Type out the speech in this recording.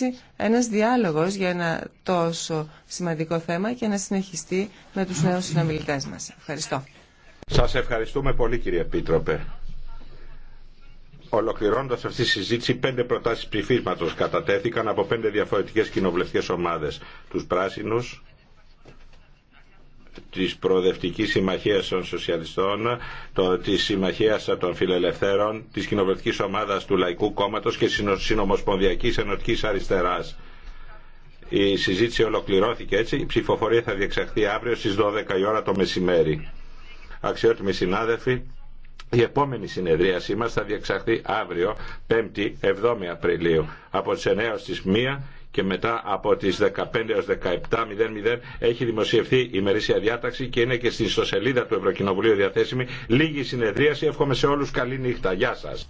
υπάρξει ένας διάλογος για ένα τόσο σημαντικό θέμα και να συνεχιστεί με τους νέους συνομιλητές μας. Ευχαριστώ. Σας ευχαριστούμε πολύ κύριε Επίτροπε. Ολοκληρώνοντα αυτή τη συζήτηση, πέντε προτάσει ψηφίσματο κατατέθηκαν από πέντε διαφορετικέ κοινοβουλευτικέ ομάδε. Του πράσινου, της Προοδευτικής Συμμαχίας των Σοσιαλιστών, το, της Συμμαχίας των Φιλελευθέρων, της Κοινοβουλευτικής Ομάδας του Λαϊκού Κόμματος και Συνομοσπονδιακής Ενωτικής Αριστεράς. Η συζήτηση ολοκληρώθηκε έτσι. Η ψηφοφορία θα διεξαχθεί αύριο στις 12 η ώρα το μεσημέρι. Αξιότιμοι συνάδελφοι, η επόμενη συνεδρίασή μας θα διεξαχθεί αύριο, 5η, 7η Απριλίου, από τις 9 στις 1 και μετά από τις 15 έως 17.00 έχει δημοσιευθεί η μερίσια διάταξη και είναι και στην ιστοσελίδα του Ευρωκοινοβουλίου διαθέσιμη. Λίγη συνεδρίαση. Εύχομαι σε όλους καλή νύχτα. Γεια σας.